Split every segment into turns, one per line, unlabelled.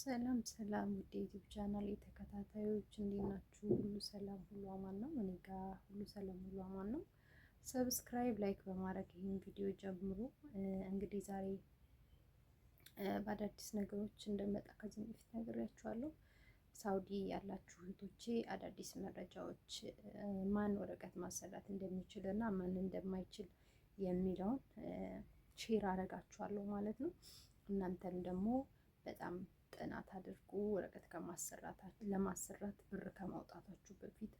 ሰላም ሰላም ውድ ዩቲዩብ ቻናል የተከታታዮች እንዴት ናችሁ? ሁሉ ሰላም ሁሉ አማን ነው። እኔ ጋር ሁሉ ሰላም ሁሉ አማን ነው። ሰብስክራይብ ላይክ በማድረግ ይህን ቪዲዮ ጀምሩ። እንግዲህ ዛሬ በአዳዲስ ነገሮች እንደመጣ ከዚህ በፊት ነግሬያችኋለሁ። ሳውዲ ያላችሁ እህቶቼ አዳዲስ መረጃዎች ማን ወረቀት ማሰራት እንደሚችል እና ማን እንደማይችል የሚለውን ሼር አረጋችኋለሁ ማለት ነው። እናንተም ደግሞ በጣም ጥናት አድርጉ። ወረቀት ለማሰራት ብር ከማውጣታችሁ በፊት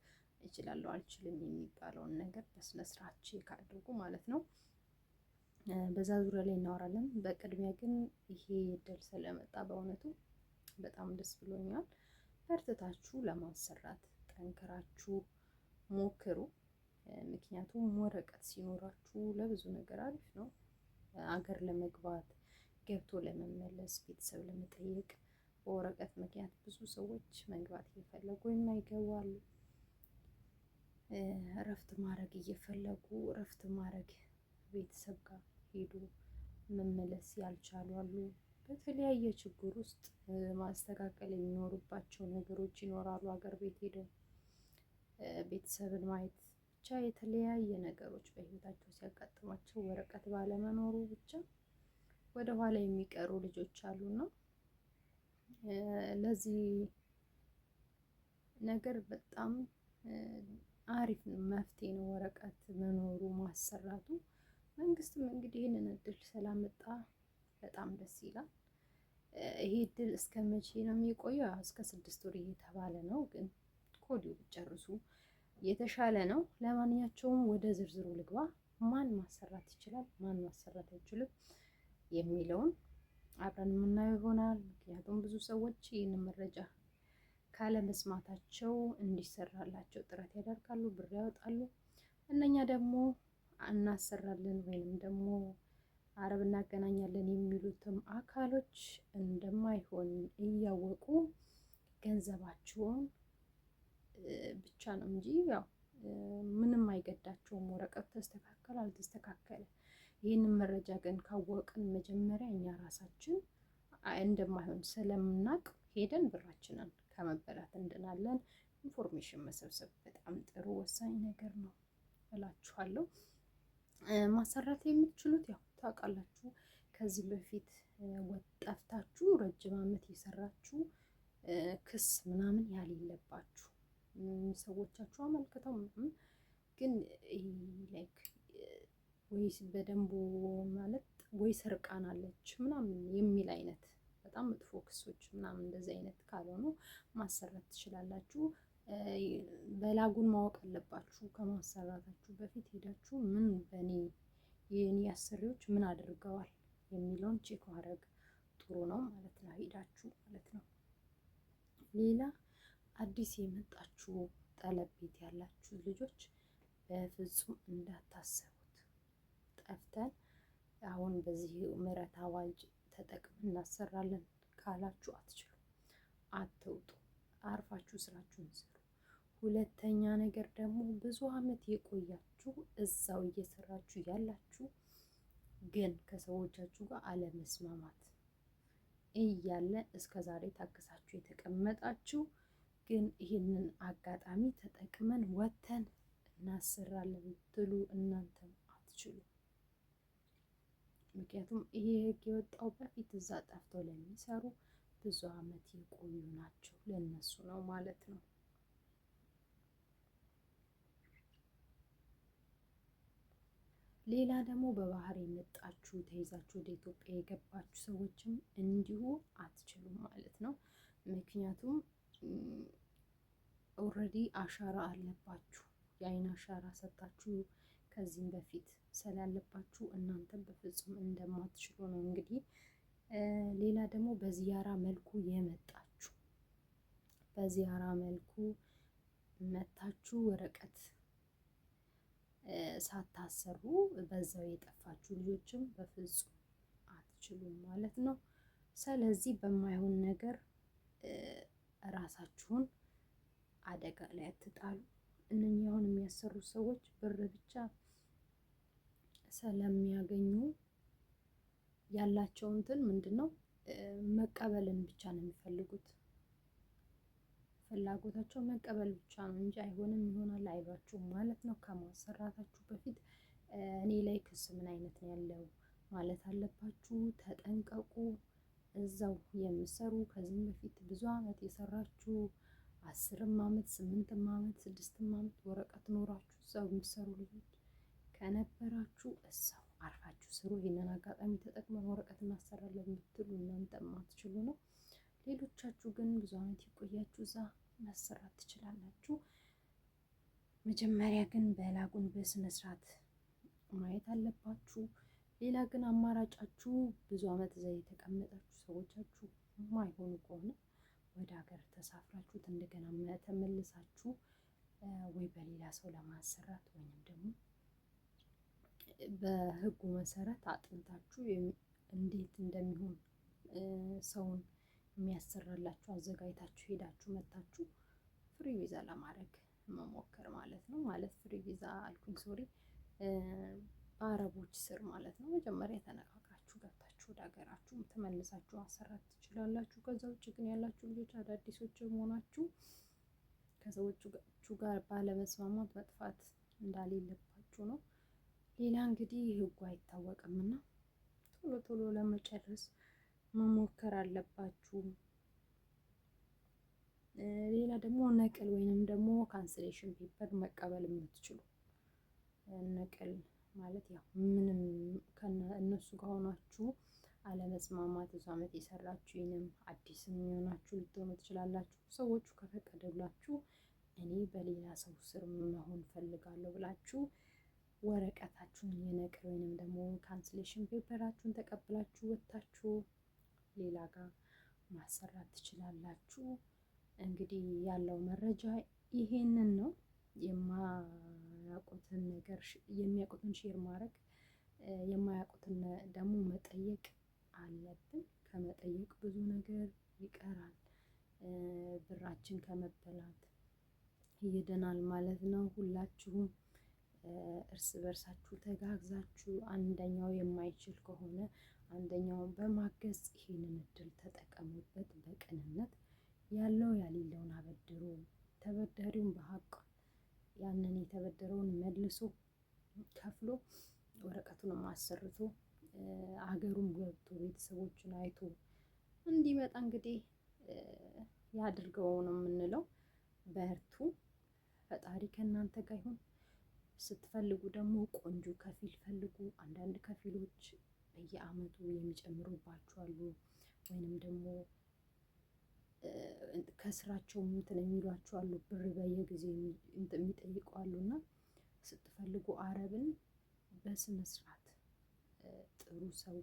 እችላለሁ አልችልም የሚባለውን ነገር በስነስርዓት ቼክ አድርጉ ማለት ነው። በዛ ዙሪያ ላይ እናወራለን። በቅድሚያ ግን ይሄ እድል ስለመጣ በእውነቱ በጣም ደስ ብሎኛል። በርትታችሁ ለማሰራት ጠንክራችሁ ሞክሩ። ምክንያቱም ወረቀት ሲኖራችሁ ለብዙ ነገር አሪፍ ነው። አገር ለመግባት ገብቶ ለመመለስ ቤተሰብ ለመጠየቅ በወረቀት ምክንያት ብዙ ሰዎች መግባት እየፈለጉ የማይገቡ አሉ። እረፍት ማድረግ እየፈለጉ እረፍት ማድረግ ቤተሰብ ጋር ሄዶ መመለስ ያልቻሉ አሉ። በተለያየ ችግር ውስጥ ማስተካከል የሚኖሩባቸው ነገሮች ይኖራሉ። ሀገር ቤት ሄደው ቤተሰብን ማየት ብቻ የተለያየ ነገሮች በህይወታቸው ሲያጋጥማቸው ወረቀት ባለመኖሩ ብቻ ወደ ኋላ የሚቀሩ ልጆች አሉና ለዚህ ነገር በጣም አሪፍ መፍትሄ ነው ወረቀት መኖሩ ማሰራቱ። መንግስትም እንግዲህ ይህንን እድል ስላመጣ በጣም ደስ ይላል። ይሄ እድል እስከ መቼ ነው የሚቆየው? እስከ ስድስት ወር እየተባለ ነው፣ ግን ኮዲው ብጨርሱ የተሻለ ነው። ለማንኛቸውም ወደ ዝርዝሩ ልግባ። ማን ማሰራት ይችላል? ማን ማሰራት አይችልም? የሚለውን አብረን የምናየው ይሆናል። ምክንያቱም ብዙ ሰዎች ይህንን መረጃ ካለመስማታቸው እንዲሰራላቸው ጥረት ያደርጋሉ፣ ብር ያወጣሉ። እነኛ ደግሞ እናሰራለን ወይንም ደግሞ አረብ እናገናኛለን የሚሉትም አካሎች እንደማይሆን እያወቁ ገንዘባቸውን ብቻ ነው እንጂ ያው ምንም አይገዳቸውም። ወረቀቱ ተስተካከለ አልተስተካከለ ይህንን መረጃ ግን ካወቅን መጀመሪያ እኛ ራሳችን እንደማይሆን ስለምናቅ ሄደን ብራችንን ከመበላት እንድናለን። ኢንፎርሜሽን መሰብሰብ በጣም ጥሩ ወሳኝ ነገር ነው እላችኋለሁ። ማሰራት የምትችሉት ያው ታውቃላችሁ፣ ከዚህ በፊት ወጠፍታችሁ ረጅም ዓመት የሰራችሁ ክስ ምናምን ያሌለባችሁ ሰዎቻችሁ አመልክተው ምናምን ግን ላይክ ወይስ በደንቡ ማለት ወይ ሰርቃናለች ምናምን የሚል አይነት በጣም መጥፎ ክሶች ምናምን እንደዚህ አይነት ካልሆኑ ማሰራት ትችላላችሁ። በላጉን ማወቅ አለባችሁ። ከማሰራታችሁ በፊት ሄዳችሁ ምን በእኔ የእኔ አሰሪዎች ምን አድርገዋል የሚለውን ቼክ ማድረግ ጥሩ ነው ማለት ነው። ሄዳችሁ ማለት ነው። ሌላ አዲስ የመጣችሁ ጠለብ ቤት ያላችሁ ልጆች በፍጹም እንዳታሰቡ። ጠፍተን አሁን በዚህ ምህረት አዋጅ ተጠቅመን እናሰራለን ካላችሁ አትችሉ፣ አትውጡ፣ አርፋችሁ ስራችሁን ስሩ። ሁለተኛ ነገር ደግሞ ብዙ አመት የቆያችሁ እዛው እየሰራችሁ ያላችሁ ግን ከሰዎቻችሁ ጋር አለመስማማት እያለ እስከ ዛሬ ታግሳችሁ የተቀመጣችሁ ግን ይህንን አጋጣሚ ተጠቅመን ወተን እናሰራለን ትሉ እናንተም አትችሉም። ምክንያቱም ይሄ ህግ የወጣው በፊት እዛ ጠፍተው ለሚሰሩ ብዙ አመት የቆዩ ናቸው። ለነሱ ነው ማለት ነው። ሌላ ደግሞ በባህር የመጣችሁ ተይዛችሁ ወደ ኢትዮጵያ የገባችሁ ሰዎችም እንዲሁ አትችሉም ማለት ነው። ምክንያቱም ኦልሬዲ አሻራ አለባችሁ። የአይን አሻራ ሰጣችሁ ከዚህም በፊት ስላለባችሁ እናንተን በፍጹም እንደማትችሉ ነው። እንግዲህ ሌላ ደግሞ በዚያራ መልኩ የመጣችሁ በዚያራ መልኩ መታችሁ ወረቀት ሳታሰሩ በዛው የጠፋችሁ ልጆችም በፍጹም አትችሉም ማለት ነው። ስለዚህ በማይሆን ነገር ራሳችሁን አደጋ ላይ አትጣሉ። እነኚህ አሁን የሚያሰሩ ሰዎች ብር ብቻ ስለሚያገኙ ያላቸው እንትን ምንድን ነው መቀበልን ብቻ ነው የሚፈልጉት። ፍላጎታቸው መቀበል ብቻ ነው እንጂ አይሆንም ይሆናል አይሏችሁም ማለት ነው። ከማሰራታችሁ በፊት እኔ ላይ ክስ ምን አይነት ነው ያለው ማለት አለባችሁ። ተጠንቀቁ። እዛው የምሰሩ ከዚህም በፊት ብዙ አመት የሰራችሁ አስርም ዓመት ስምንትም ዓመት ስድስትም ዓመት ወረቀት ኖራችሁ እዛው የምትሰሩ ልጆች ከነበራችሁ እዛው አርፋችሁ ስሩ። ይህንን አጋጣሚ ተጠቅመን ወረቀት እናሰራለን የምትሉ እናንተ ማትችሉ ነው። ሌሎቻችሁ ግን ብዙ ዓመት የቆያችሁ እዛ መሰራት ትችላላችሁ። መጀመሪያ ግን በላጉን በስነ ስርዓት ማየት አለባችሁ። ሌላ ግን አማራጫችሁ ብዙ ዓመት እዛ የተቀመጣችሁ ሰዎቻችሁ ማይሆኑ ከሆነ ወደ ሀገር ተሳፍራችሁት እንደገና ተመልሳችሁ ወይ በሌላ ሰው ለማሰራት ወይም ደግሞ በህጉ መሰረት አጥንታችሁ እንዴት እንደሚሆን ሰውን የሚያሰራላችሁ አዘጋጅታችሁ ሄዳችሁ መታችሁ ፍሪ ቪዛ ለማድረግ መሞከር ማለት ነው። ማለት ፍሪ ቪዛ አልኩኝ ሶሪ፣ በአረቦች ስር ማለት ነው። መጀመሪያ ተነካ ወደ ሀገራችሁ ተመልሳችሁ ማሰራት ትችላላችሁ። ከዛ ውጭ ግን ያላችሁ ልጆች አዳዲሶች መሆናችሁ ከሰዎቹ ጋር ባለመስማማት መጥፋት እንዳሌለባችሁ ነው። ሌላ እንግዲህ ህጉ አይታወቅም እና ቶሎ ቶሎ ለመጨረስ መሞከር አለባችሁ። ሌላ ደግሞ ነቅል ወይንም ደግሞ ካንስሌሽን ፔፐር መቀበል የምትችሉ ነቅል ማለት ያው ምንም ከእነሱ ጋር ሆናችሁ አለመስማማት ብዙ ዓመት የሰራችሁንም አዲስ የሚሆናችሁ ልትሆኑ ትችላላችሁ። ሰዎቹ ከፈቀደላችሁ እኔ በሌላ ሰው ስር መሆን ፈልጋለሁ ብላችሁ ወረቀታችሁን የነቅል ወይንም ደግሞ ካንስሌሽን ፔፐራችሁን ተቀብላችሁ ወጥታችሁ ሌላ ጋር ማሰራት ትችላላችሁ። እንግዲህ ያለው መረጃ ይሄንን ነው። የማያውቁትን ነገር የሚያውቁትን ሼር ማድረግ የማያውቁትን ደግሞ መጠየቅ አለብን። ከመጠየቅ ብዙ ነገር ይቀራል። ብራችን ከመበላት ይድናል ማለት ነው። ሁላችሁም እርስ በርሳችሁ ተጋግዛችሁ አንደኛው የማይችል ከሆነ አንደኛውን በማገዝ ይህንን እድል ተጠቀሙበት። በቅንነት ያለው ያሌለውን አበድሩ፣ ተበዳሪውን በሀቅ ያንን የተበደረውን መልሶ ከፍሎ ወረቀቱንም አሰርቶ አገሩን ገብቶ ቤተሰቦቹን አይቶ እንዲመጣ እንግዲህ ያድርገው ነው የምንለው። በርቱ። ፈጣሪ ከእናንተ ጋር ይሁን። ስትፈልጉ ደግሞ ቆንጆ ከፊል ፈልጉ። አንዳንድ ከፊሎች በየአመቱ የሚጨምሩባችሁ አሉ፣ ወይንም ደግሞ ከስራቸው እንትን የሚሏቸው አሉ፣ ብር በየጊዜው የሚጠይቁ አሉ። እና ስትፈልጉ አረብን በስነ ስርዓት ጥሩ ሰው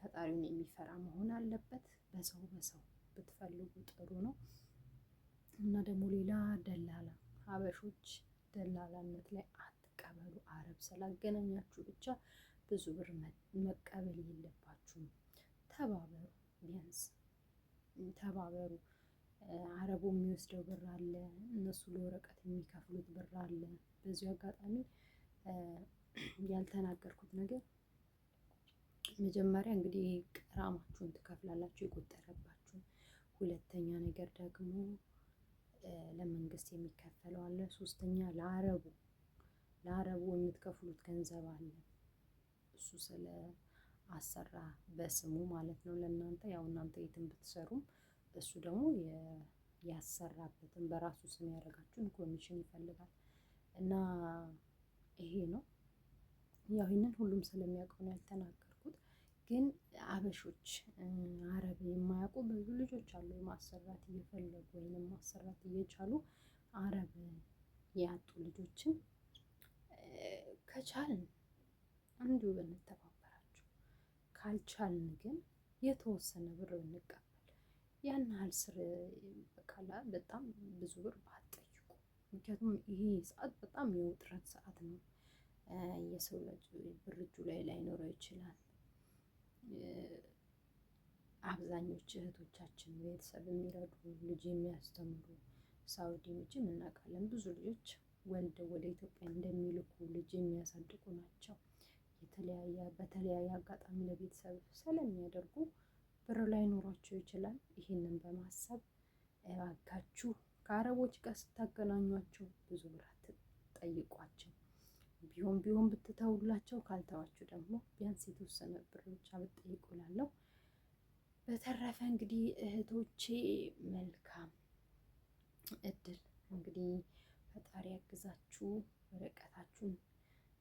ፈጣሪውን የሚፈራ መሆን አለበት። በሰው በሰው ብትፈልጉ ጥሩ ነው። እና ደግሞ ሌላ ደላላ ሀበሾች ደላላነት ላይ አትቀበሉ። አረብ ስላገናኛችሁ ብቻ ብዙ ብር መቀበል የለባችሁም። ተባበሩ ቢያንስ ተባበሩ። አረቡ የሚወስደው ብር አለ፣ እነሱ ለወረቀት የሚከፍሉት ብር አለ። በዚሁ አጋጣሚ ያልተናገርኩት ነገር መጀመሪያ እንግዲህ ቅራማችሁን ትከፍላላችሁ የቆጠረባችሁን። ሁለተኛ ነገር ደግሞ ለመንግስት የሚከፈለው አለ። ሶስተኛ ለአረቡ ለአረቡ የምትከፍሉት ገንዘብ አለ እሱ ስለ አሰራ በስሙ ማለት ነው ለእናንተ ያው እናንተ የትም ብትሰሩም እሱ ደግሞ ያሰራበትን በራሱ ስም ያደረጋችሁን ኮሚሽን ይፈልጋል እና ይሄ ነው ያው ይህንን ሁሉም ስለሚያውቀው ነው ያልተናገርኩት። ግን አበሾች አረብ የማያውቁ ብዙ ልጆች አሉ። ማሰራት እየፈለጉ ወይም ማሰራት እየቻሉ አረብ ያጡ ልጆችን ከቻልን አንዱ እንተባ ካልቻልን ግን የተወሰነ ብር እንቀበል። ያን ያህል ስር በቃላ በጣም ብዙ ብር ባትጠይቁ። ምክንያቱም ይሄ ሰዓት በጣም የውጥረት ሰዓት ነው። የሰው ልጅ ብር እጁ ላይ ላይኖረው ይችላል። አብዛኞች እህቶቻችን ቤተሰብ የሚረዱ ልጅ የሚያስተምሩ ሳውዲዎች እናውቃለን። ብዙ ልጆች ወልደው ወደ ኢትዮጵያ እንደሚልኩ ልጅ የሚያሳድጉ ናቸው። የተለያየ በተለያየ አጋጣሚ ለቤተሰብ ስለሚያደርጉ ብር ላይኖራቸው ይችላል። ይህንን በማሰብ እባካችሁ ከአረቦች ጋር ስታገናኟቸው ብዙ ብር አትጠይቋቸው። ቢሆን ቢሆን ብትተውላቸው፣ ካልተዋችሁ ደግሞ ቢያንስ የተወሰነ ብር ብቻ ብትጠይቁ እላለሁ። በተረፈ እንግዲህ እህቶቼ መልካም እድል እንግዲህ ፈጣሪ ያግዛችሁ፣ ርቀታችሁን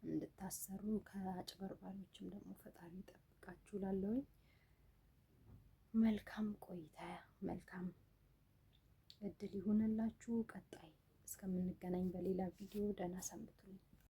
እንድታሰሩ ከአጭበርባሪዎችም ደግሞ ፈጣሪ ይጠብቃችሁ። ላለውኝ መልካም ቆይታ መልካም እድል ይሁንላችሁ። ቀጣይ እስከምንገናኝ በሌላ ቪዲዮ ደህና ሰንብቱልኝ።